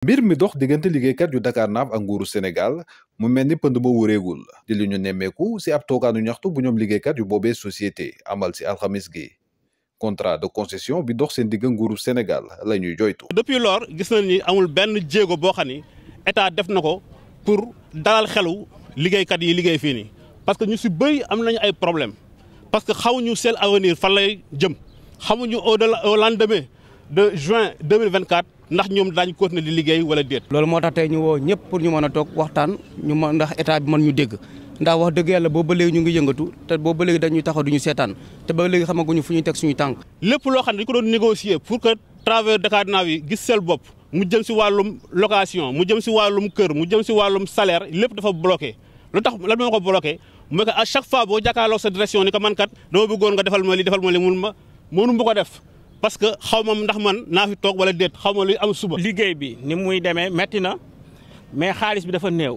mbir mi dox diggante liggéeykat yu Dakarnave ak nguuru Sénégal mu mel ni pënd ba di li ñu nemmeeku si ab toogaanu ñaxtu bu ñoom liggéeykat yu boobee société amal si alxamis gi contrat de concession bi dox seen digg nguuru Sénégal la ñuy joytu depuis lors gis nañ ni amul benn jéego boo xam ni def na ko dalal xelu liggéeykat yi liggéey fii nii parce que ñu si bëri am nañu ay problème parce que xamuñu seen avenir fan lay jëm xamuñu au delà au de juin 2024 ndax ñoom daañu continuer di liggéey wala déet. loolu moo tax tey ñu woo ñëpp pour ñu mën a toog waxtaan ñu ndax état bi mën ñu dégg ndax wax dëgg yalla bo ba léegi ñu ngi yëngatu té bo ba léegi dañuy taxaw du ñu seetaan te ba léegi xamaguñu fu ñuy tek suñu tank lepp lo xam ne ko doon négocier pour que travers Dakarnave yi gis sel bop mu jëm ci walum location mu jëm ci walum kër mu jëm ci walum salaire lepp dafa bloqué lu tax lan mako bloqué mooy que à chaque fois bo jàkkaarloo sa direction ni ko man kat do bëggoon nga defal ma li defal ma li mun ma mënu ma ko def parce que xaw ma ndax man naa fi toog wala déet xaw ma luy am suba. liggéey bi ni muy demee metti na mais xaalis bi dafa néew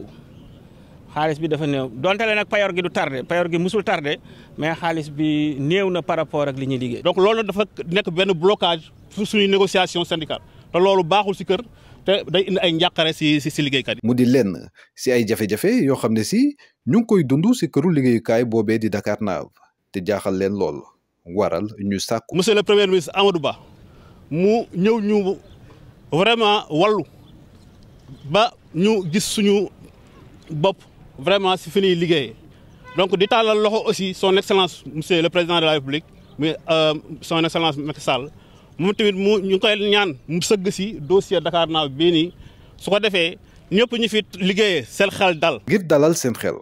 xaalis bi dafa néew donte le nag payor gi du tardé payor gi musul tardé mais xaalis bi néew na par rapport ak li ñuy liggéey. donc loolu dafa nekk benn blocage su suñuy négociation syndicale te loolu baaxul si kër te day indi ay njàqare si si ci liggéeykat yi. mu di lenn si ay jafe-jafe yoo xam ne si ñu ngi koy dund si këru liggéeyukaay boobee di dakaar Dakarnave te jaaxal leen lool. waral ñu sakku monsieur le premier ministre Amadou Ba mu ñëw ñu vraiment walu ba ñu gis suñu bop vraiment ci fini liguey donc di talal loxo aussi son excellence monsieur le président de la république mais euh, son excellence Macky Sall mu tamit mu ñu koy ñaan mu sëgg si dossier Dakarnave bii nii su ko défé ñëpp ñu fi liguey sel xel dal. ngir dalal sen xel.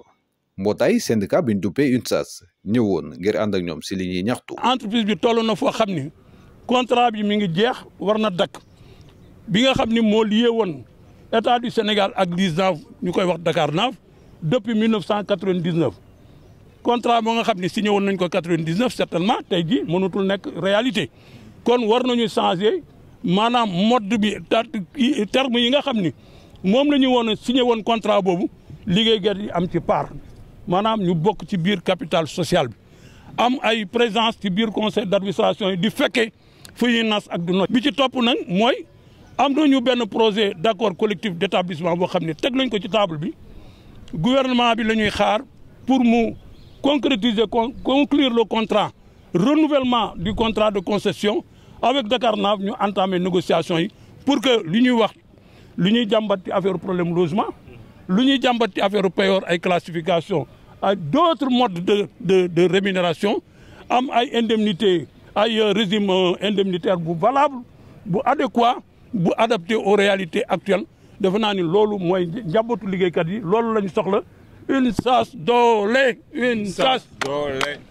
mbootaay syndicat bi ñu duppee UNSAS ñëwoon ngir ànd ak ñoom si li ñuy ñaxtu. entreprise bi toll na foo xam ni contrat bi mi ngi jeex war na dakk bi nga xam ni moo lié woon état du Sénégal ak LISNAV ñu koy wax Dakar Nav depuis 1999 contrat moo nga xam ni signé woon nañ ko 99 certainement tey jii mënatul nekk réalité kon war nañu changer maanaam mode bi terme yi nga xam ni moom la ñu woon signé woon contrat boobu liggéeykat yi am ci part. manam ñu bok ci biir capital social bi am ay présence ci biir conseil d'administration Du di que fu ñuy nas ak du no bi ci top nak moy am nañu ben projet d'accord collectif d'établissement bo xamni ne teg ko ci table bi gouvernement a lañuy xaar pour mu concrétiser conclure le contrat renouvellement du contrat de concession avec Dakar, Nav ñu entamer négociation yi pour que l'Union ñuy wax li ñuy affaire problème logement L'Union ñuy jàmbat ci affaire payoor ay classification à d'autres modes de de de rémunération am ay indemnité un euh, régime euh, indemnitaire valable adéquat adapté aux réalités actuelles Devenant naa ni loolu mooy Ligue liggéeykat yi la soxla une sas d'olé, une sas d'olé.